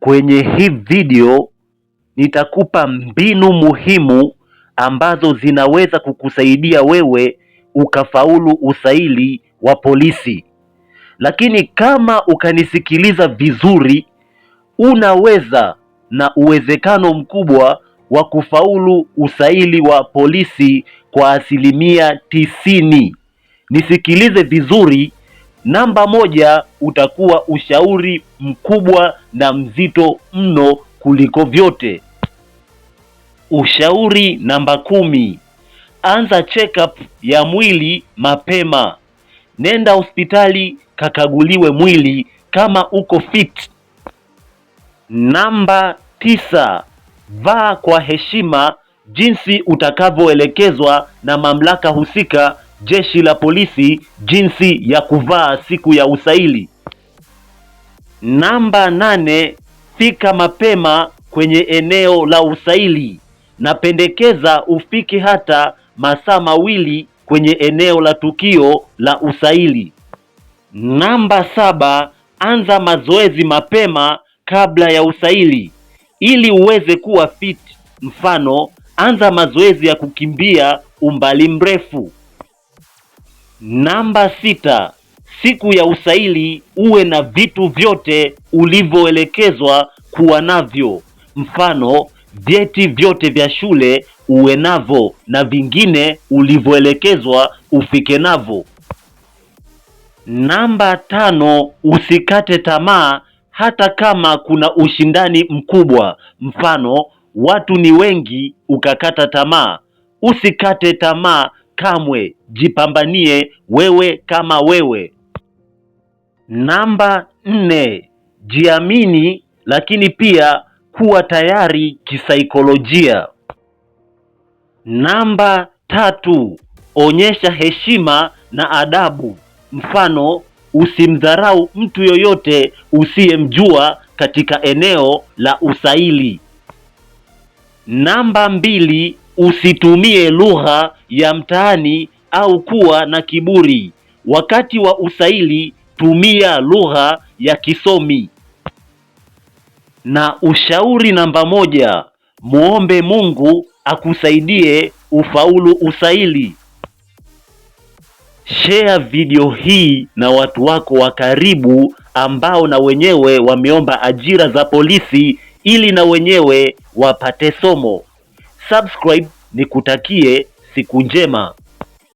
Kwenye hii video nitakupa mbinu muhimu ambazo zinaweza kukusaidia wewe ukafaulu usaili wa polisi. Lakini kama ukanisikiliza vizuri, unaweza na uwezekano mkubwa wa kufaulu usaili wa polisi kwa asilimia tisini. Nisikilize vizuri Namba moja utakuwa ushauri mkubwa na mzito mno kuliko vyote. Ushauri namba kumi, anza checkup ya mwili mapema. Nenda hospitali kakaguliwe mwili kama uko fit. Namba tisa, vaa kwa heshima jinsi utakavyoelekezwa na mamlaka husika jeshi la polisi jinsi ya kuvaa siku ya usaili. Namba nane, fika mapema kwenye eneo la usaili. Napendekeza ufike hata masaa mawili kwenye eneo la tukio la usaili. Namba saba, anza mazoezi mapema kabla ya usaili ili uweze kuwa fit. Mfano, anza mazoezi ya kukimbia umbali mrefu. Namba sita, siku ya usaili uwe na vitu vyote ulivyoelekezwa kuwa navyo. Mfano, vyeti vyote vya shule uwe navyo na vingine ulivyoelekezwa ufike navyo. Namba tano, usikate tamaa hata kama kuna ushindani mkubwa. Mfano, watu ni wengi ukakata tamaa. Usikate tamaa kamwe. Jipambanie wewe kama wewe. Namba nne, jiamini, lakini pia kuwa tayari kisaikolojia. Namba tatu, onyesha heshima na adabu. Mfano, usimdharau mtu yoyote usiyemjua katika eneo la usaili. Namba mbili, usitumie lugha ya mtaani au kuwa na kiburi. Wakati wa usaili tumia lugha ya kisomi. Na ushauri namba moja, muombe Mungu akusaidie ufaulu usaili. Share video hii na watu wako wa karibu ambao na wenyewe wameomba ajira za polisi ili na wenyewe wapate somo subscribe, nikutakie siku njema.